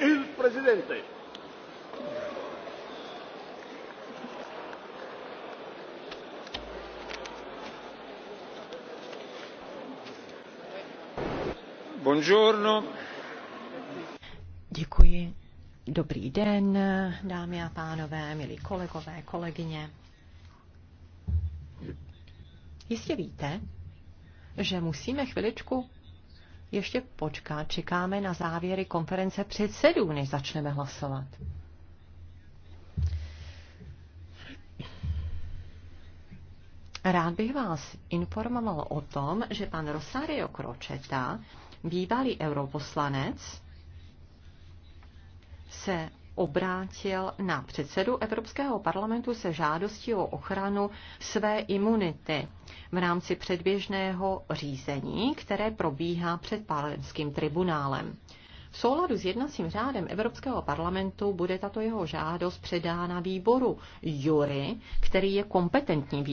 il Presidente. Buongiorno. Děkuji. Dobrý den, dámy a pánové, milí kolegové, kolegyně. Jistě víte, že musíme chviličku ještě počká, Čekáme na závěry konference předsedů, než začneme hlasovat. Rád bych vás informoval o tom, že pan Rosario Kročeta, bývalý europoslanec, se obrátil na předsedu Evropského parlamentu se žádostí o ochranu své imunity v rámci předběžného řízení, které probíhá před Palermským tribunálem. V souladu s jednacím řádem Evropského parlamentu bude tato jeho žádost předána výboru Jury, který je kompetentní